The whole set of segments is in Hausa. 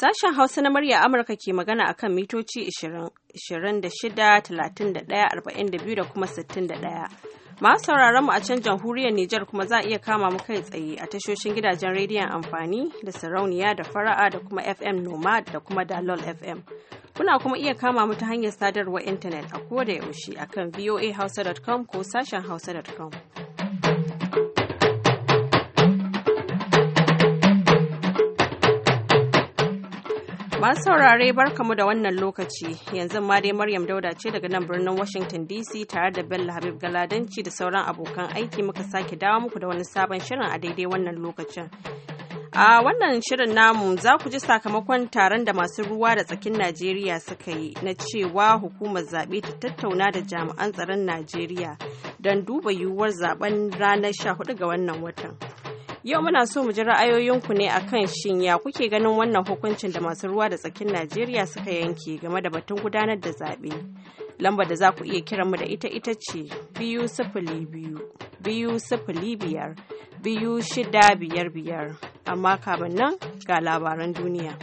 Sashen Hausa na murya Amurka ke magana a kan mitoci 26-31-42 da kuma 61. Masu sauraron mu a can jamhuriyar Nijar kuma za a iya kama mu kai tsaye a tashoshin gidajen rediyon amfani da sarauniya da fara'a da kuma FM Nomad da kuma Dalol FM. Kuna kuma iya kama mu ta hanyar sadarwar intanet a koda yaushe kan voahausa.com ko sashen hausa.com. Masu saurare barkamu da wannan lokaci yanzu ma dai Maryam Dauda ce daga nan birnin Washington DC tare da Bello Habib Galadanci da sauran abokan aiki muka sake dawo muku da wani sabon shirin a daidai wannan lokacin. A wannan shirin namu za ku ji sakamakon taron da masu ruwa da tsakin Najeriya suka yi na cewa hukumar zaɓe ta tattauna da jami'an tsaron Najeriya don duba yiwuwar zaben ranar 14 ga wannan watan. Yau muna so mu ji ra'ayoyinku ne akan shin ya kuke ganin wannan hukuncin da masu ruwa da tsakin Najeriya suka yanke game da batun gudanar da zaɓe. Lambar da za ku iya kiran mu da ita ita ce biyu sifili biyu, biyu sifili biyar, biyu shida biyar biyar. Amma kamin nan ga labaran duniya.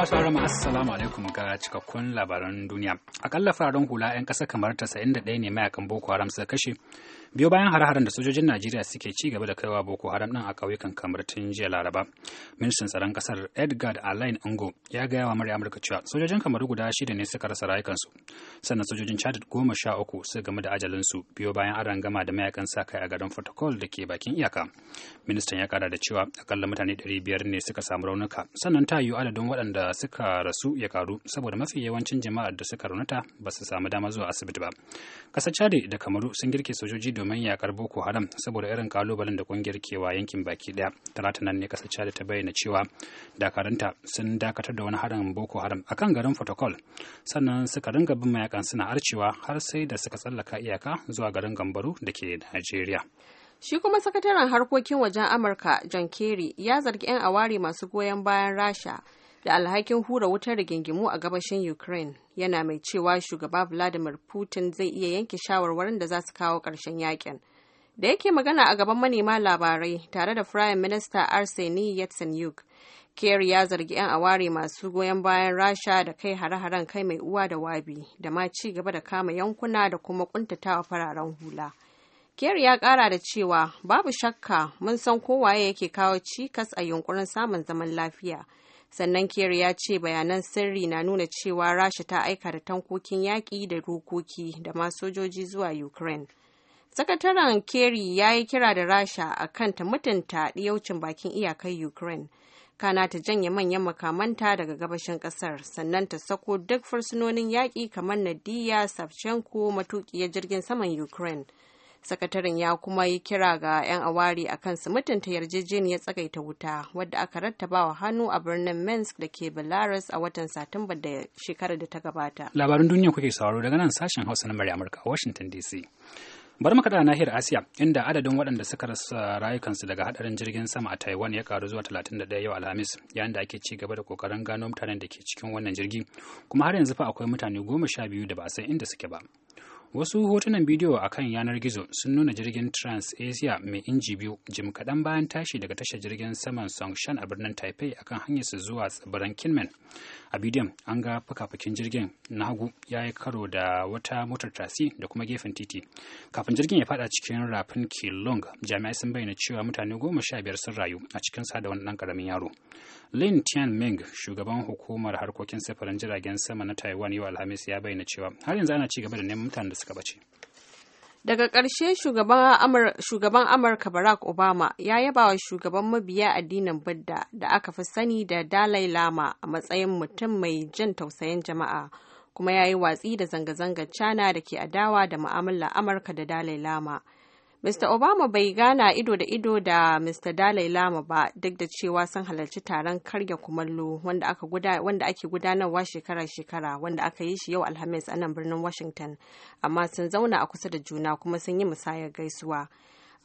masu rama assalamu alaikum ga cikakkun labaran duniya. Akalla fararen hula 'yan ƙasa kamar 91 ne mayakan Boko Haram suka kashe biyo bayan hare-haren da sojojin najeriya suke ci gaba da kaiwa boko haram din a kauyukan kamar tun jiya laraba ministan tsaron kasar edgar alain ango ya gaya wa murya amurka cewa sojojin kamaru guda shida ne suka rasa rayukansu sannan sojojin chad goma sha uku su game da ajalinsu biyo bayan aron gama da mayakan sa kai a garin Fotokol da ke bakin iyaka ministan ya kara da cewa akalla mutane ɗari biyar ne suka samu raunuka sannan ta yiwu adadin waɗanda suka rasu ya karu saboda mafi yawancin jama'ar da suka raunata ba su samu dama zuwa asibiti ba ƙasar chad da kamaru sun girke sojoji domin yakar boko haram saboda irin kalubalen da kungiyar kewa yankin baki daya talata nan ne kasar chad ta bayyana cewa dakaranta sun dakatar da wani harin boko haram akan garin protocol sannan suka ringa bin mayakan suna arcewa har sai da suka tsallaka iyaka zuwa garin gambaru da ke najeriya Shi kuma sakataren harkokin wajen Amurka John Kerry ya zargi 'yan aware masu goyon bayan Rasha da alhakin hura wutar rigingimu a gabashin Ukraine yana mai cewa shugaba Vladimir Putin zai iya yanke shawarwarin da za su kawo ƙarshen yakin. Da yake magana a gaban manema labarai tare da Prime Minister Arseniy Yatsenyuk, Kerry ya zargi 'yan aware masu goyon bayan Rasha da kai hare-haren kai mai uwa da wabi da ma ci gaba da kama yankuna da kuma kuntatawa fararen hula. Kerry ya kara da cewa babu shakka mun san kowaye yake kawo cikas a yunkurin samun zaman lafiya. sannan kerry ya ce bayanan sirri na nuna cewa rasha ta aika da tankokin yaƙi da dokoki da ma sojoji zuwa ukraine sakataren kerry ya yi kira da rasha a kan ta mutunta ɗiyaucin bakin iyakar ukraine kana ta janye manyan makamanta daga gabashin kasar sannan ta sako duk fursunonin yaƙi kamar nadiya savchenko matukiyar jirgin saman ukraine sakataren ya kuma yi kira ga 'yan awari a kan su mutunta yarjejeniyar tsagaita wuta wadda aka rattabawa hannu a birnin minsk da ke belarus a watan satumba da shekarar da ta gabata labarin duniya kuke sauraro daga nan sashen hausa na murya amurka a washington dc bar makaɗa nahiyar asiya inda adadin waɗanda suka rasa rayukansu daga hadarin jirgin sama a taiwan ya karu zuwa 31 yau alhamis yayin da ake ci gaba da kokarin gano mutanen da ke cikin wannan jirgi kuma har yanzu fa akwai mutane goma sha biyu da ba san inda suke ba wasu hotunan bidiyo a kan yanar gizo sun nuna jirgin transasia mai inji biyu jim kaɗan bayan tashi daga tashar jirgin saman songshan a birnin taipei akan hanyarsa zuwa tsibiran kinmen a bidiyon an ga fakafakin jirgin na hagu ya yi karo da wata motar tasi da kuma gefen titi kafin jirgin ya fada cikin rafin kilong jami'ai sun bayyana cewa mutane goma sha biyar sun rayu a cikin sa da wani dan karamin yaro lin tian ming shugaban hukumar harkokin sifirin jiragen sama na taiwan yau alhamis ya bayyana cewa har yanzu ana ci gaba da neman mutanen da suka bace Daga ƙarshe shugaban Amurka Barack Obama ya yaba wa shugaban mabiya addinin Budda da aka fi sani da Dalai Lama a matsayin mutum mai jin tausayin jama'a kuma ya yi watsi da zanga-zangar China da ke adawa da mu'amalar Amurka da Dalai Lama. Mr. Obama bai gana ido da ido da Mr. Dalai Lama ba duk da cewa sun halarci taron karya kumallo wanda ake gudanarwa shekara-shekara wanda aka yi shi yau Alhamis a nan birnin Washington amma sun zauna a kusa da juna kuma sun yi musayar gaisuwa.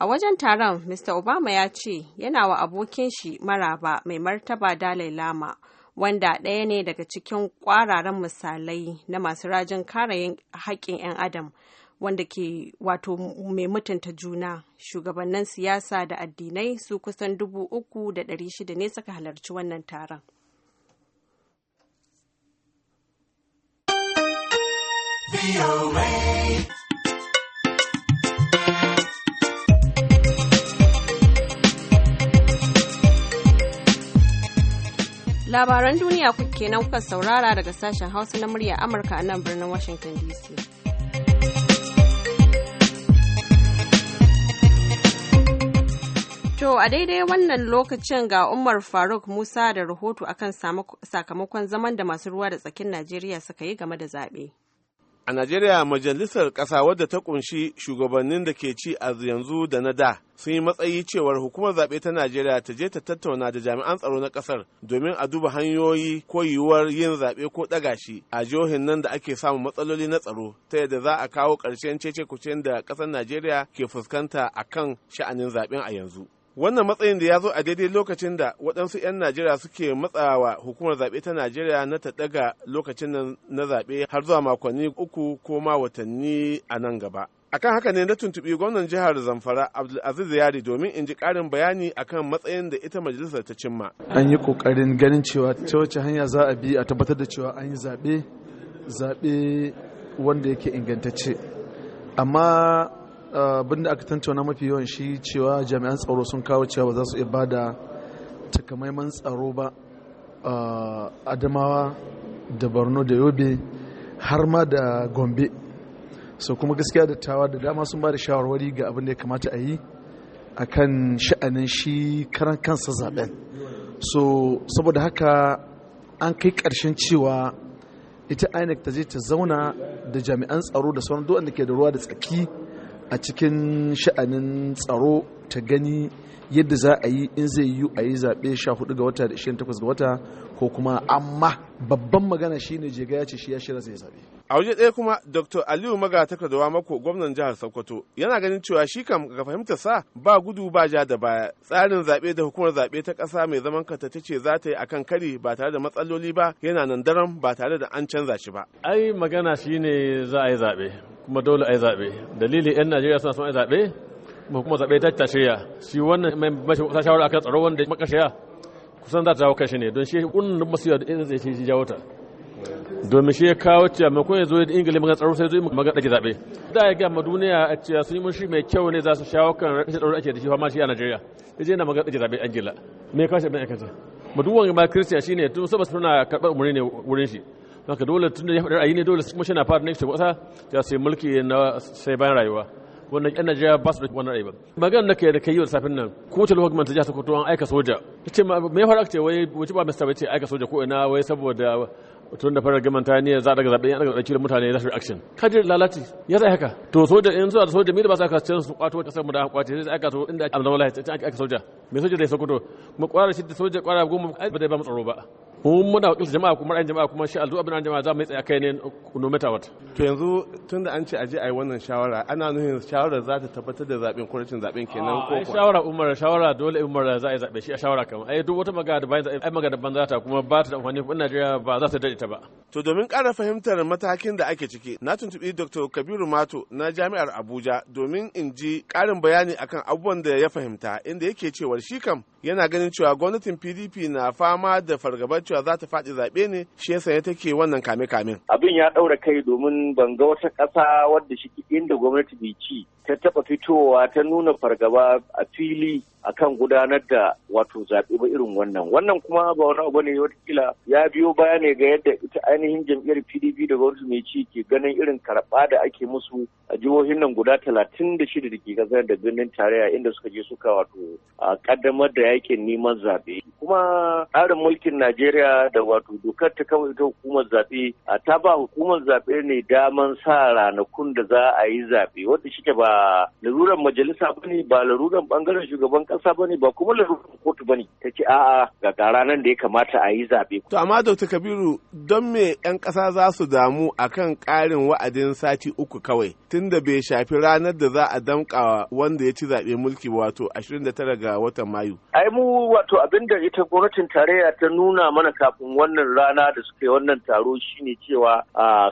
A wajen taron Mr. Obama ya ce yana wa abokin shi maraba mai martaba Dalai Lama wanda ɗaya ne daga cikin kwararan misalai na masu rajin kare haƙƙin 'yan adam wanda ke wato mai mutunta juna shugabannin siyasa da addinai su kusan dubu uku da ɗari shida ne suka halarci wannan taron Labaran duniya kuke nan kuka saurara daga sashen Hausa na murya Amurka a nan birnin Washington DC. To a daidai wannan lokacin ga Umar Faruk Musa da rahoto akan sakamakon zaman da masu ruwa da tsakin Najeriya suka yi game da zaɓe. A Najeriya majalisar ƙasa wadda ta kunshi shugabannin da ke ci a yanzu da na da sun yi matsayi cewar hukumar zaɓe ta Najeriya ta je ta tattauna da jami'an tsaro na ƙasar domin a duba hanyoyi ko yiwuwar yin zaɓe ko ɗaga shi a jihohin nan da ake samun matsaloli na tsaro ta yadda za a kawo ƙarshen cece kucen da ƙasar Najeriya ke fuskanta akan sha'anin zaɓen a yanzu. wannan matsayin da ya zo a daidai lokacin da waɗansu 'yan najeriya suke matsawa hukumar zaɓe ta najeriya na ta ɗaga lokacin na zaɓe har zuwa makonni uku ko ma watanni a nan gaba akan haka ne na tuntuɓi gwamnan jihar zamfara abdulaziz yari domin in ji ƙarin bayani akan matsayin da ita majalisar ta cimma an yi ƙoƙarin ganin cewa ta wace hanya za a bi a tabbatar da cewa an yi zaɓe zaɓe wanda yake ingantacce amma abinda da aka tantauna mafi yawan shi cewa jami'an tsaro sun kawo cewa ba za su iya bada takamaiman tsaro ba adamawa da borno da yobe har ma da gombe so kuma gaskiya da tawa da dama sun ba da shawarwari ga abin da ya kamata a yi a kan sha'anin shi karan kansa zaben so saboda haka an kai karshen cewa ita inec ta je ta zauna da jami'an tsaro da sauran duk da ke da ruwa da tsaki a cikin sha'anin tsaro ta gani yadda za a yi in zai yi a yi zaɓe 14 ga wata da 28 ga wata ko kuma amma babban magana shine jega ya ce shi ya shirya zai zaɓe. a waje ɗaya kuma dr aliyu maga takardawa mako gwamnan jihar sokoto yana ganin cewa shi kam ga fahimta sa ba gudu ba ja da baya tsarin zaɓe da hukumar zaɓe ta ƙasa mai zaman kanta ta ce za ta yi akan kari ba tare da matsaloli ba yana nan daren ba tare da an canza shi ba ai magana shine za a yi zaɓe kuma dole a yi zaɓe dalili 'yan najeriya suna son a yi zaɓe mu kuma zaɓe ta tashiya shi wannan mai mashi ta shawara akan tsaro wanda makashiya kusan za ta jawo kashi ne don shi kunnin masu yadda in zai shi jawo ta domin shi ya kawo cewa mai kuma ya zo da ingila magan tsaro sai zo magana ɗage zaɓe da ya gama duniya a cewa sun yi shi mai kyau ne za su shawo kan rashin tsaro ake da shi fama shi a najeriya ya je na magana ɗage zaɓe angila me ya kawo shi abin aikata ma duk wani ma kiristiya shi ne tun saboda suna karɓar umarni ne wurin shi haka dole tun da ya faɗi ra'ayi ne dole kuma shi na fara ne shi wasa ya sai mulki na sai bayan rayuwa wannan yan najeriya ba su da wannan aiba magana nake da kai yau safin nan ko ta lokacin ta jihar sokoto an aika soja tace me ya faru aka ce wai wuce ba mista bace aika soja ko ina wai saboda tun da fara gaman ta ne za a daga zaɓen yan daga da mutane za su reaction kadir lalati ya zai haka to soja in zuwa da soja mai da ba su aka cin su kwato kasar mu da aka kwace sai aka so inda an zama lahiya aka soja me soja da ya sokoto kuma kwara shi da soja kwara goma ba zai ba mu tsaro ba mun muna wakilta jama'a kuma ra'ayin jama'a kuma shi alzu abin jama'a za mu yi tsaye kai ne no matter what to yanzu tun da an ce aje ayi wannan shawara ana nuhin shawara za ta tabbatar da zaɓen kuracin zaɓen kenan ko kuwa shawara umar shawara dole umar za a zaɓe shi a shawara kamar ai duk wata magana da bayan ai magana za ta kuma ba ta da amfani in Najeriya ba za ta dade ta ba to domin ƙara fahimtar matakin da ake ciki na tuntubi Dr. Kabiru Mato na Jami'ar Abuja domin in ji ƙarin bayani akan abubuwan da ya fahimta inda yake cewar shi kam yana ganin cewa gwamnatin pdp na fama da fargabar cewa za ta faɗi zaɓe ne shi yasa ya take wannan kame kame. abin ya ɗaura kai domin ban ga wata ƙasa wadda shi inda gwamnati bai ci ta taɓa fitowa ta nuna fargaba a fili akan gudanar da wato zaɓe ba irin wannan wannan kuma ba wani abu ne ya biyo baya ne ga yadda ita ainihin jam'iyyar pdp da gwamnati mai ci ke ganin irin karɓa da ake musu a jihohin nan guda talatin da shida da ke kasar da birnin tarayya inda suka je suka wato a kaddamar da ya aikin neman zaɓe kuma tsarin mulkin najeriya da wato dokar ta kawai ta hukumar zaɓe a ta ba hukumar zaɓe ne daman sa ranakun da za a yi zaɓe wanda shi ba laruran majalisa ba ne ba laruran bangaren shugaban kasa ba ne ba kuma laruran kotu ba ne ta ce a'a ga ga nan da ya kamata a yi zaɓe. to amma dr kabiru don me 'yan ƙasa za su damu akan ƙarin wa'adin sati uku kawai tunda bai shafi ranar da za a damƙa wanda ya ci zaɓe mulki wato 29 ga watan mayu. ai mu wato abinda ita gwamnatin tarayya ta nuna mana kafin wannan rana da suka yi wannan taro shine cewa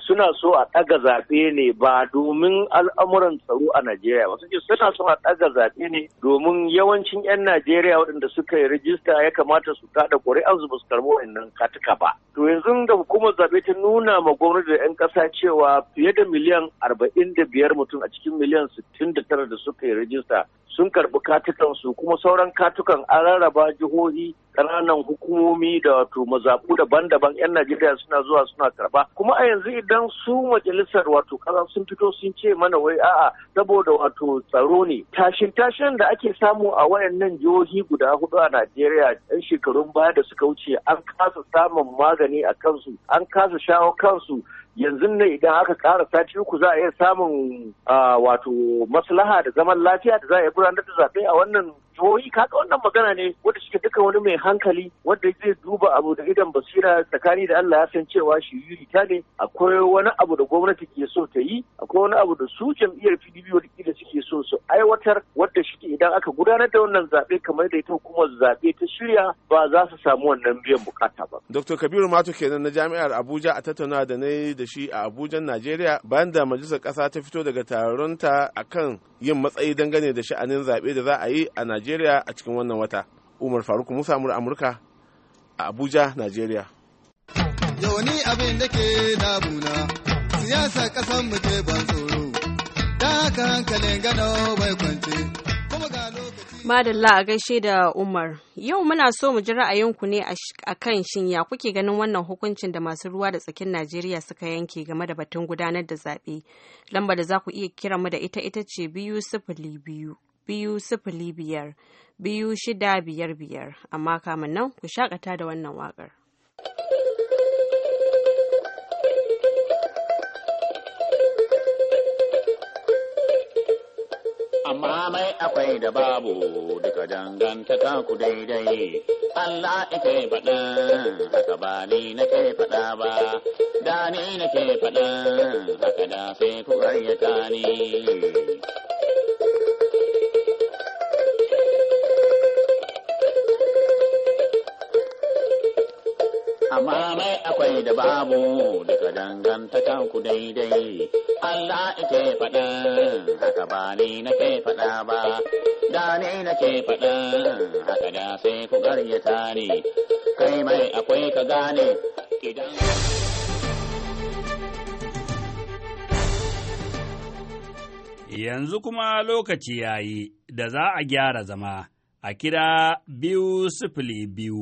suna so a ɗaga zaɓe ne ba domin al'amuran tsaro a Najeriya ba suke suna so a ɗaga zaɓe ne domin yawancin 'yan Najeriya waɗanda suka yi rajista ya kamata su kaɗa ƙuri'ar ba su karɓi wannan katuka ba. To yanzu da hukumar zaɓe ta nuna ma gwamnati da 'yan ƙasa cewa fiye da miliyan 45 mutum a cikin miliyan 69 da suka yi rajista sun karɓi katukansu kuma sauran katukan an rarraba jihohi ƙananan hukumomi da wato mazaɓu daban-daban 'yan Najeriya suna zuwa suna karɓa. Kuma a yanzu idan su majalisar wato ƙasa sun fito sun ce mana wai a'a saboda wato tsaro ne. Tashin-tashin da ake samu a wayannan jihohi guda hudu a Najeriya 'yan shekarun baya da suka wuce an kasa samun magani a kansu, an kasa shawo kansu yanzu ne idan aka ƙara sati uku za a iya samun wato maslaha da zaman lafiya da za a iya gudanar da zaɓe a wannan jihohi kaga wannan magana ne wanda shi duka wani mai hankali wanda zai duba abu da idan basira tsakani da Allah ya san cewa shi yuri ta ne akwai wani abu da gwamnati ke so ta yi akwai wani abu da su jam'iyyar PDP wadda suke so su aiwatar wadda shi idan aka gudanar da wannan zaɓe kamar da ita hukumar zabe ta shirya ba za su samu wannan biyan bukata ba. Dr. Kabiru Mato kenan na Jami'ar Abuja a tattauna da na da shi a Abuja, Najeriya bayan da majalisar Kasa ta fito daga taron taronta akan yin matsayi dangane da sha'anin zaɓe da za a yi a Najeriya. Najeriya a cikin wannan wata. Umar Faruk Musa Amurka a Abuja, Najeriya. Yau abin da ke damuna, siyasa ƙasar mu ke ban tsoro, da haka hankalin gano bai kwance. Madalla a gaishe da Umar. Yau muna so mu ji ra'ayinku ne a kan shinya kuke ganin wannan hukuncin da masu ruwa da tsakin Najeriya suka yanke game da batun gudanar da zaɓe. Lamba da za ku iya kira mu da ita ita ce biyu sifili biyu biyu sifili biyar biyu shida biyar biyar amma kamun nan ku shakata da wannan wakar. amma mai akwai da babu duka dangantaka ku daidai Allah ike faɗa haka ba ni nake faɗa ba da ni nake faɗa haka da sai ku ƙaryata ni amma mai akwai da babu daga dangantakan kanku daidai Allah ke faɗa haka ba ni na ke faɗa ba da ni na ke faɗa haka da sai ku garyata ne kai mai akwai ka gane idan Yanzu kuma lokaci ya yi da za a gyara zama a kira biyu sifili biyu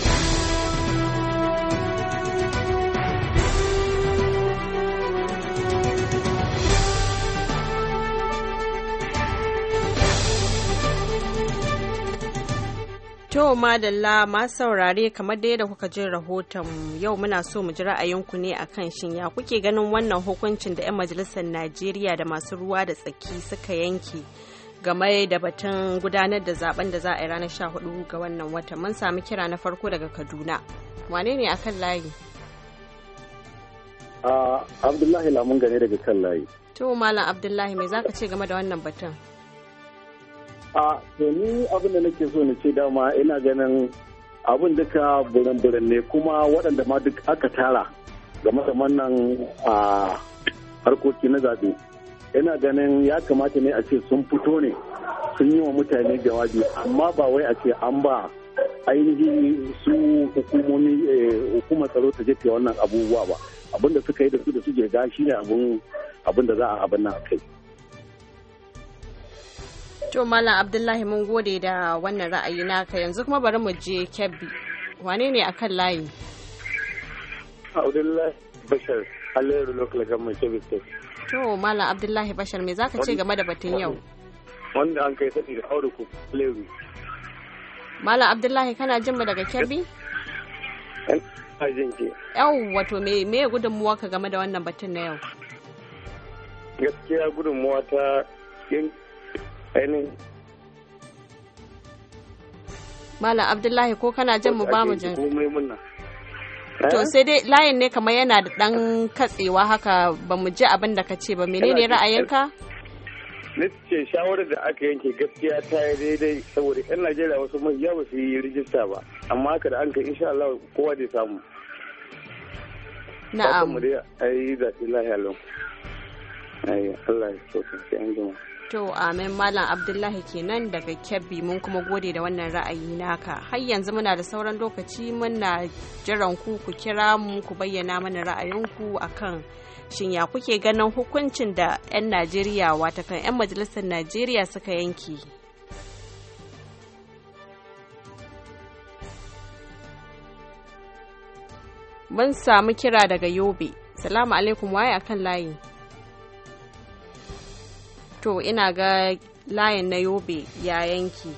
To madalla masu saurare kamar da yadda kuka jin rahoton yau muna so mu ji ra'ayinku ne akan shin ya kuke ganin wannan hukuncin da 'yan majalisar Najeriya da masu ruwa da tsaki suka yanke game da batun gudanar da zaben da za a yi ranar 14 ga wannan watan mun sami kira na farko daga Kaduna. Wane ne akan layi? Ah, Abdullahi Lamun gane daga kan layi. To Malam Abdullahi me zaka ce game da wannan batun? a to ni abin da nake so na ce dama ina ganin abin duka buran-buran ne kuma waɗanda ma duk aka tara game da wannan a harkoki na zaɓe ina ganin ya kamata ne a ce sun fito ne sun yi wa mutane jawabi amma ba wai a ce an ba ainihi su hukumomi eh, hukumar tsaro ta jefe wannan abubuwa ba abin da suka yi da su da su ga shi ne abin da za a abin nan kai. To Malam Abdullahi mun gode da wannan ra'ayi naka yanzu kuma bari mu je Kebbi. Wane ne kan layi? Abdullahi Bashar, Alayyar To Malam Abdullahi Bashar me zaka ce game da batun yau? Wanda an kai sadi da aure ku Malam Abdullahi kana jin mu daga Kebbi? Eh, yau wato me me gudunmuwa ka game da wannan batun na yau? Gaskiya gudunmuwa ta Malam Abdullahi ko kana jan mu ba mu jan. To eh? sai dai layin ne kamar yana da dan katsewa haka ba mu ji abin da ka ce ba menene ra'ayinka? ce shawarar da aka yanke gaskiya ta yi daidai saboda 'yan Najeriya wasu mahiya ba su yi rijista ba amma haka da an ka insha Allah kowa zai samu. Na'am. Mu dai ayi zaɓi lahiya lau. Allah ya so ka sai an jima. To amin Malam Abdullahi kenan daga Kebbi mun kuma gode da wannan ra'ayi naka. Har yanzu muna da sauran lokaci muna jiran ku ku kira mu ku bayyana mana ra'ayinku akan shin ya kuke ganin hukuncin da 'yan Najeriya watakan 'yan majalisar Najeriya suka yanki. Mun samu kira daga Yobe. Salamu alaikum waye akan layi. to ina ga layin na yobe ya yanki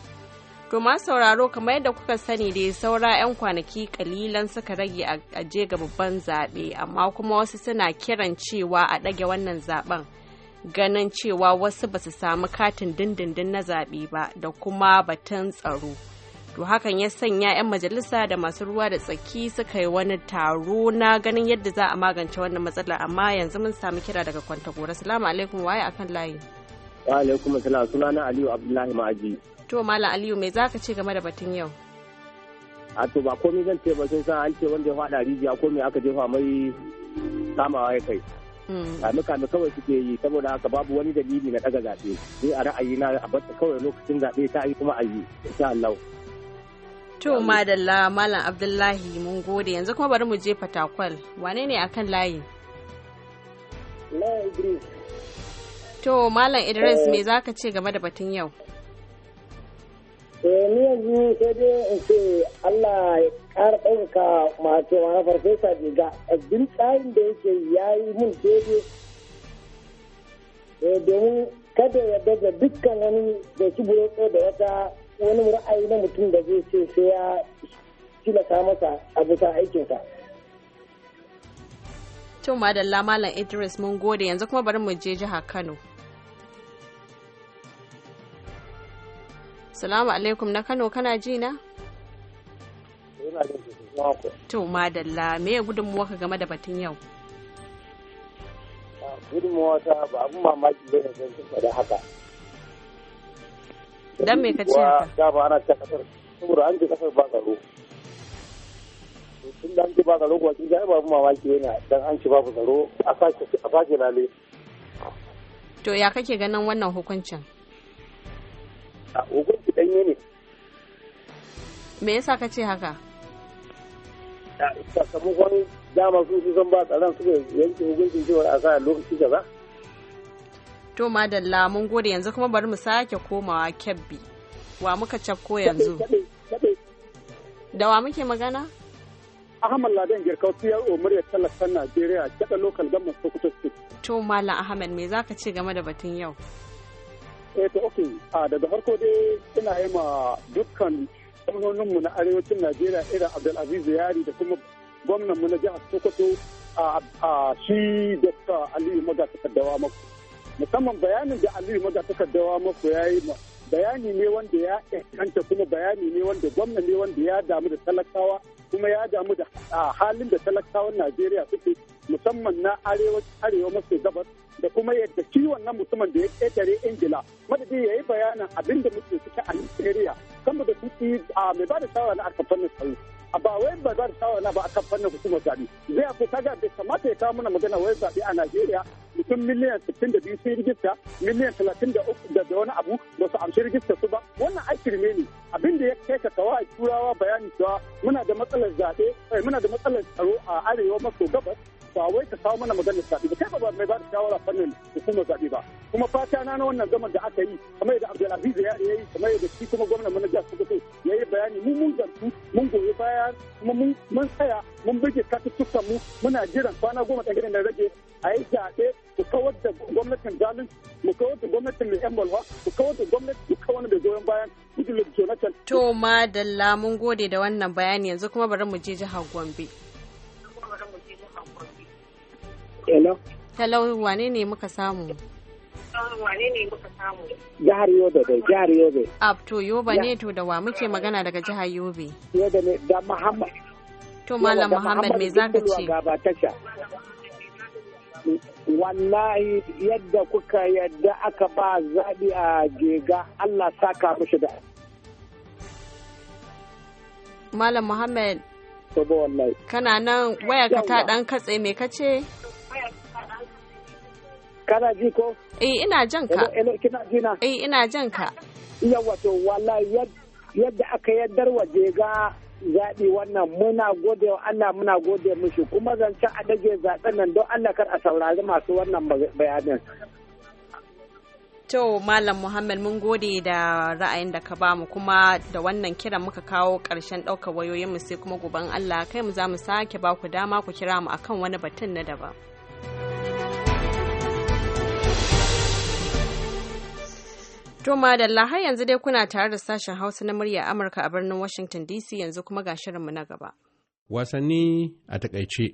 to ma sauraro kamar yadda kuka sani dai saura 'yan kwanaki kalilan suka rage a je ga babban zaɓe amma kuma wasu suna kiran cewa a ɗage wannan zaɓen ganin cewa wasu ba su samu katin dindindin na zaɓe ba da kuma batun tsaro to hakan ya sanya 'yan majalisa da masu ruwa da tsaki suka yi wani taro na ganin yadda za a magance wannan matsala amma yanzu mun samu kira daga kwantagora salamu alaikum waye akan layi Wa alaikum salam sunana Aliyu Abdullahi Ma'aji. To mala Aliyu me zaka ce game da batun yau? A to ba komai zan ce ba sai san an ce wanda ya faɗa rijiya ko me aka jefa mai samawa ya kai. Hmm. kame kawai suke yi saboda haka babu wani dalili na daga zaɓe sai a ra'ayi na a bata kawai lokacin zaɓe ta yi kuma a yi insha Allah to madalla malam abdullahi mun gode yanzu kuma bari mu je fatakwal wane ne akan layi layi idris To Malam Idris me za ka ce game da batun yau? Eh ni yanzu sai dai in ce Allah ya ƙara ɗaukaka masu wani farfesa diga abin tsarin da yake ya yi mun daidai. Eh, domin kada ya daga dukkan wani da shi burotso da wata wani ra'ayi na mutum da zai ce sai ya tilasta masa a bisa aikinsa. Tun madalla Malam Idris mun gode yanzu kuma bari mu je jiha Kano. Assalamu alaikum na Kano kana ji na? To madalla me ya gudunmuwa ka game da batun yau? Ah, gudunmuwa ta ba abun mamaki bane don sun faɗa haka. Dan me ka ce haka? Da ba ana ta kasar saboda an ji kasar ba tsaro. Tun da an ji ba tsaro kuwa kin ga ba abun mamaki bane dan an ci babu tsaro a sake a sake lale. To ya kake ganin wannan hukuncin? Ah, shirme ne me yasa ka ce haka sakamakon dama su su san ba tsaron suka yanke hukuncin cewa a sa lokaci gaba to madalla mun gode yanzu kuma bari mu sake komawa kebbi wa muka cafko yanzu da wa muke magana ahmad ladan girkau siyar ya tallafa najeriya kada lokal gamar sokoto state to malam ahmad me zaka ce game da batun yau eh to okay a daga farko dai ina yi ma dukkan gwamnoninmu na arewacin najeriya irin abdulaziz yari da kuma gwamnanmu na jihar sokoto a shi dokta aliyu maga takardawa maku musamman bayanin da aliyu maga takardawa maku ya yi bayani ne wanda ya kanta kuma bayani ne wanda gwamna ne wanda ya damu da talakawa kuma ya damu da halin da talakawan najeriya suke musamman na arewa maso gabas da kuma yadda ciwon wannan mutumin da ya ƙetare ingila madadi ya yi bayanin abin da muke suke a nigeria kama da kuɗi a mai ba da shawara na aka fannin tsaro a ba wai ba ba da shawara ba aka fannin hukumar zaɓe zai afi kaga da kamata ya kawo mana magana wai zaɓe a nigeria mutum miliyan 62 sun rigista miliyan 33 da wani abu ba su amshi rigista su ba wannan akirme ne abin da ya kai ka kawa turawa bayani cewa muna da matsalar zaɓe eh, muna da matsalar tsaro a arewa maso gabas ba wai ka kawo mana maganar zaɓe ba kai ba mai ba da shawara fannin hukumar zaɓe ba kuma fata na na wannan zaman da aka yi kamar yadda Abdulaziz ya yi kamar yadda shi kuma gwamnan mana jihar Sokoto ya yi bayani mu mun zantu mun goyi baya kuma mun tsaya mun bige katuttukan mu muna jiran kwana goma ɗan gidan da rage a yi zaɓe mu kawar da gwamnatin zalunci mu kawar da gwamnatin mai yan balwa mu kawar da gwamnati mu kawar da goyon bayan Goodluck Jonathan. To madalla mun gode da wannan bayani yanzu kuma bari mu je jihar Gombe. Hello. Hello, wane ne muka samu? ne muka samu? Jihar Yobe dai, jihar Yobe. Ab to Yobe ne to da wa muke magana daga jihar Yobe? Yobe ne da Muhammad. To Malam Muhammad me zaka ce? Wallahi yadda kuka yadda aka ba zaɓi a jega Allah saka mushi da. Malam Muhammad. Kana nan waya ka ta ɗan katse me ka ce? kana ji ko eh ina jan ka kina ji na eh ina jan ka yawa to wallahi yadda aka yaddar waje ga zaɓi wannan muna gode wa Allah muna gode mushi kuma zancen a dage zaɓen nan don Allah kar a saurari masu wannan bayanin To Malam Muhammad mun gode da ra'ayin da ka bamu kuma da wannan kiran muka kawo ƙarshen ɗaukar wayoyinmu sai kuma gobe Allah kai mu za mu sake ba ku dama ku kira mu akan wani batun na daban. To madalla har yanzu dai kuna tare da sashen Hausa na murya Amurka a birnin Washington DC yanzu kuma ga shirinmu na gaba. Wasanni a takaice.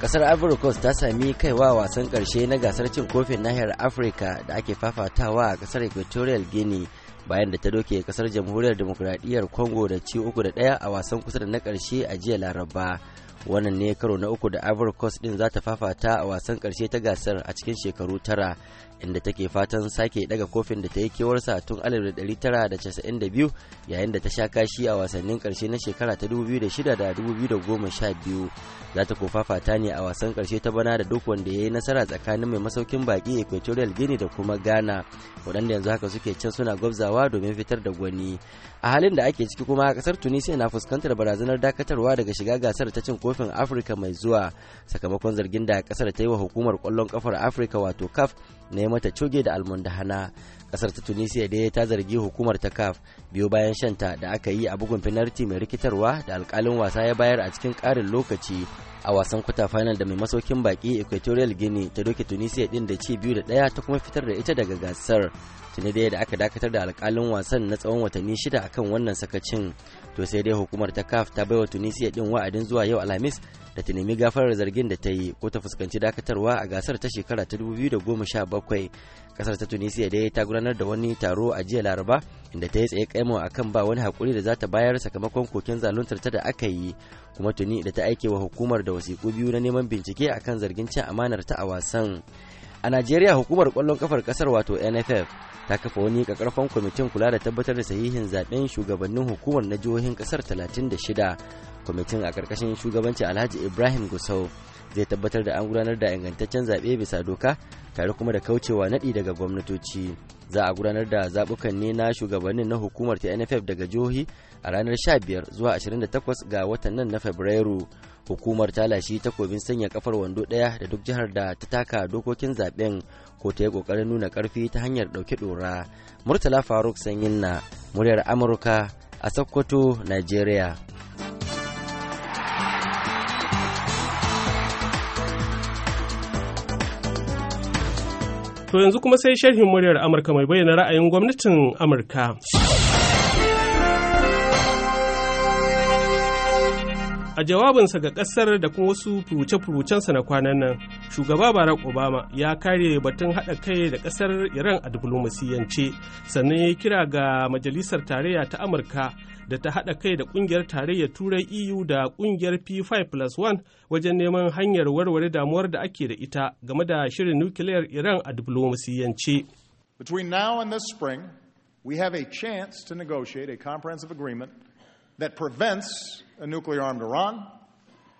Kasar Ivory Coast ta sami kaiwa wasan ƙarshe na gasar cin kofin nahiyar Afirka da ake fafatawa a kasar Equatorial Guinea bayan da ta doke kasar jamhuriyar demokuraɗiyyar congo da ci uku da ɗaya a wasan kusa da na ƙarshe a jiya laraba wannan ne karo na uku da ivory coast din za ta fafata a wasan ƙarshe ta gasar a cikin shekaru tara inda take fatan sake daga kofin da ta yi kewarsa tun 1992 yayin da ta sha kashi a wasannin karshe na shekara ta 2006 da 2012 za ta kofafata ne a wasan karshe ta bana da duk wanda ya yi nasara tsakanin mai masaukin baki equatorial guinea da kuma ghana waɗanda yanzu haka suke can suna gwabzawa domin fitar da gwani a halin da ake ciki kuma kasar tunisia na fuskantar barazanar dakatarwa daga shiga gasar ta cin kofin afirka mai zuwa sakamakon zargin da kasar ta yi wa hukumar kwallon kafar afirka wato caf na mata coge da almundahana kasar ta tunisia dai ta zargi hukumar ta caf biyo bayan shanta da aka yi a bugun finarti mai rikitarwa da alkalin wasa ya bayar a cikin karin lokaci a wasan kwata final da mai masaukin baki equatorial guinea ta doke tunisia din da ci biyu da daya ta kuma fitar da ita daga gasar tuni da aka dakatar da alkalin wasan na tsawon watanni shida akan wannan sakacin to sai dai hukumar ta CAF ta baiwa Tunisia din wa'adin zuwa yau Alhamis da ta nemi gafarar zargin da ta yi ko ta fuskanci dakatarwa a gasar ta shekara ta 2017 kasar ta Tunisia dai ta gudanar da wani taro a jiya Laraba inda ta yi tsaye kaimawa akan ba wani hakuri da za ta bayar sakamakon koken zaluntar ta da aka yi kuma tuni da ta aike wa hukumar da wasiƙu biyu na neman bincike akan zargin cin amanar ta a wasan a najeriya hukumar kwallon kafar kasar wato nff ta kafa wani kakarfan kwamitin kula da tabbatar da sahihin zaben shugabannin hukumar na jihohin kasar 36 kwamitin a karkashin shugabanci alhaji ibrahim gusau zai tabbatar da an gudanar da ingantaccen zaɓe bisa doka tare kuma da kaucewa naɗi daga gwamnatoci za a gudanar da zabukan ne na shugabannin na hukumar ta daga jihohi a ranar 15 zuwa 28 ga watan nan na fabrairu hukumar ta lashi takobin sanya kafar wando ɗaya da duk jihar da ta taka dokokin zaben ko ta yi kokarin nuna karfi ta hanyar dauke dora murtala faruk sanyin na muryar amurka a sokoto nigeria To yanzu kuma sai sharhin muryar Amurka mai bayyana ra'ayin gwamnatin Amurka. A jawabinsa ga ƙasar da kuma wasu furuce-furucensa na kwanan nan, shugaba Barack Obama ya kare batun haɗa kai da ƙasar Iran a diflomasiyance, sannan ya kira ga Majalisar Tarayya ta Amurka da ta haɗa kai da ƙungiyar tarayyar turai eu da ƙungiyar p5 plus 1 wajen neman hanyar warware damuwar da ake da ita game da shirin nukiliyar iran a diplomasiyance. between now and this spring we have a chance to negotiate a comprehensive agreement that prevents a nuclear armed iran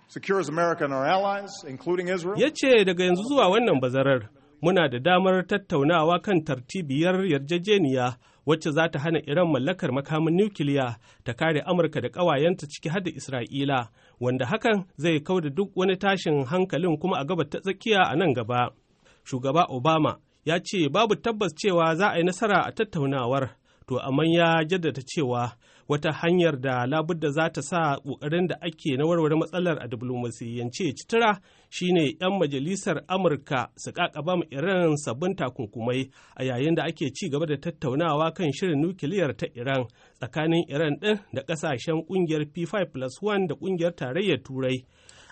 secures america and our allies including israel ya ce daga yanzu zuwa wannan bazarar muna da damar tattaunawa kan tartibiyar yarjejeniya wacce za ta hana Iran mallakar makamin nukiliya ta kare Amurka da ƙawayenta ciki har Isra'ila, wanda hakan zai kauda duk wani tashin hankalin kuma a gaba ta tsakiya a nan gaba. Shugaba Obama ya ce babu tabbas cewa za a yi nasara a tattaunawar, to amma ya jaddada cewa wata hanyar da labudda za ta sa ƙoƙarin da ake na warware matsalar a diflomasiyyance citira shine 'yan majalisar amurka su kakaba mu iran sabbin takunkumai a yayin da ake ci gaba da tattaunawa kan shirin nukiliyar ta iran tsakanin iran ɗin da ƙasashen ƙungiyar p5 plus 1 da ƙungiyar tarayyar turai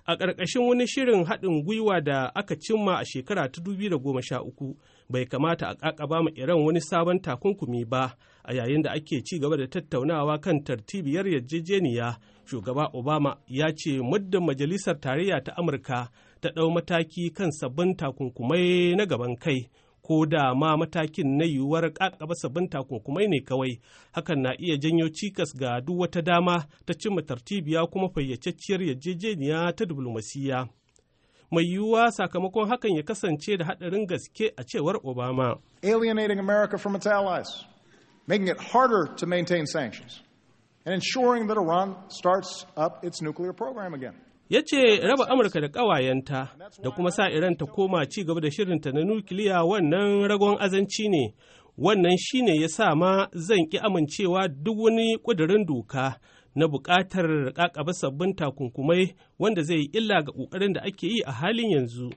a ƙarƙashin wani shirin haɗin gwiwa da aka cimma a shekara ta 2013 bai kamata a ƙaƙaba ma iran wani sabon takunkumi ba a yayin da ake ci gaba da tattaunawa kan tartibiyar yarjejeniya shugaba obama ya ce muddin majalisar tarayya ta amurka ta ɗau mataki kan sabbin takunkumai na gaban kai ko da ma matakin na yiwuwar ƙaƙaba sabbin takunkumai ne kawai hakan na iya janyo cikas ga duk wata dama ta cimma tartibiya kuma fayyacecciyar yarjejeniya ta diflomasiyya mai yiwuwa sakamakon hakan ya kasance da haɗarin gaske a cewar obama alienating america from its allies making it harder to maintain sanctions, and ensuring that Iran starts up its nuclear program again. ya ce raba amurka da ƙawayenta da kuma sa iran ta koma ci gaba da shirinta na nukiliya wannan ragon azanci ne wannan shine ya sa ma zan ƙi amincewa duk wani ƙudurin doka na buƙatar ƙaƙaba sabbin takunkumai wanda zai yi illa ga ƙoƙarin da ake yi a halin yanzu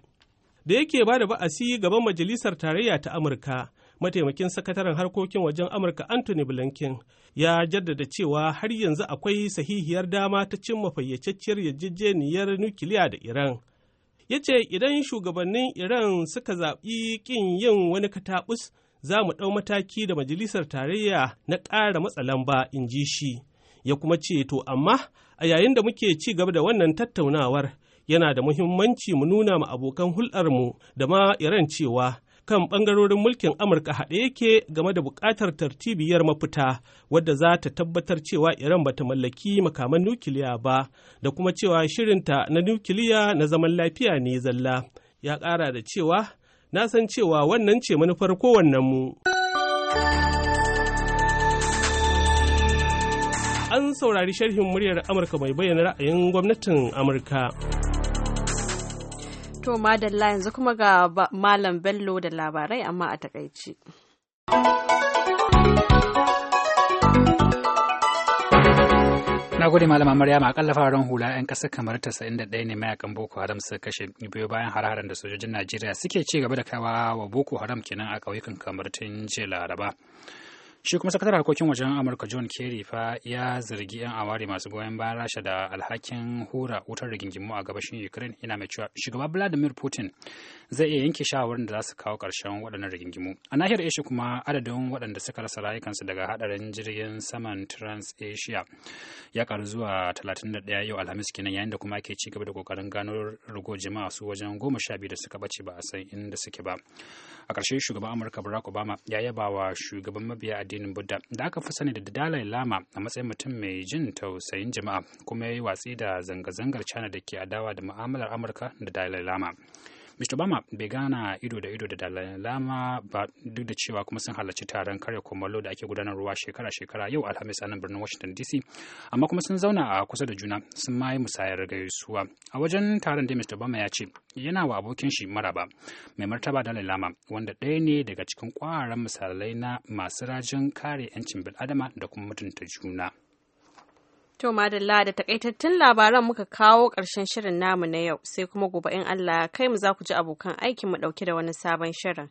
da yake ba da ba'asi gaban majalisar tarayya ta amurka mataimakin sakataren harkokin wajen amurka anthony blinken ya jaddada cewa har yanzu akwai sahihiyar dama ta cimma fayyacecciyar yarjejeniyar nukiliya da iran ya ce idan shugabannin iran suka zaɓi ƙin yin wani kataɓus za mu ɗau mataki da majalisar tarayya na ƙara matsa lamba in ji shi ya kuma ce to amma a yayin da muke ci gaba da wannan tattaunawar yana da muhimmanci mu nuna ma abokan hulɗarmu da ma iran cewa kan ɓangarorin mulkin Amurka haɗe yake game da buƙatar tartibiyar mafita wadda za ta tabbatar cewa Iran ba ta mallaki makaman nukiliya ba da kuma cewa shirinta na nukiliya na zaman lafiya ne zalla. Ya ƙara da cewa, na san cewa wannan ce manufar mu. An saurari sharhin muryar Amurka mai bayyana ra'ayin gwamnatin Amurka. To madalla yanzu kuma ga Malam Bello da labarai amma a takaici. na gode malama a akalla fararen hula 'yan kasa kamar 91 ne mayakan boko haram suka kashe biyu bayan har-haren da sojojin najeriya suke ci gaba da kaiwa wa boko haram kenan a kauyukan kamar tun jiya laraba shi kuma sakatar harkokin wajen amurka john kerry fa ya zargi 'yan awari masu goyon bayan rasha da alhakin hura wutar rigingimu a gabashin ukraine yana mai cewa shugaba vladimir putin zai iya yanke shawarar da za su kawo karshen waɗannan rigingimu a nahiyar asia kuma adadin waɗanda suka rasa rayukansu daga haɗarin jirgin saman trans asia ya karu zuwa 31 yau alhamis kenan yayin da kuma ake ci gaba da kokarin gano rigo jama'a su wajen goma sha biyu da suka bace ba a san inda suke ba a ƙarshe shugaban amurka barack obama ya yaba wa shugaban mabiya addinin Buddha da aka fi sani da Dalai Lama a matsayin mutum mai jin tausayin jama'a kuma ya yi watsi da zanga-zangar China da ke adawa da mu'amalar Amurka da Dalai Lama. Mr. Obama bai gana ido da ido da Dalai ba duk da cewa kuma sun halarci taron karya kumallo da ake gudanarwa shekara-shekara yau Alhamis a nan birnin Washington DC. Amma kuma sun zauna a kusa da juna sun ma musayar gaisuwa. A wajen taron da Mr. Obama ya ce yana wa abokin shi maraba mai martaba Dalai Lama wanda ɗaya ne daga cikin kwararan misalai na masu rajin kare 'yancin bil'adama da kuma mutunta juna. To madalla da takaitattun labaran muka kawo ƙarshen shirin namu na yau sai kuma gobe in Allah kai mu za ku ji abokan aikin mu ɗauke da wani sabon shirin.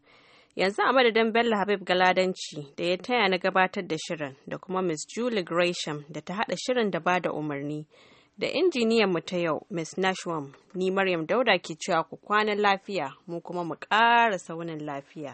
Yanzu a madadin Bello Habib Galadanci da ya taya na gabatar da shirin da kuma Miss Julie Gresham da ta haɗa shirin da ba da umarni. Da injiniyan mu ta yau Miss Nashwam ni Maryam Dauda ke cewa ku kwana lafiya mu kuma mu ƙara saunin lafiya.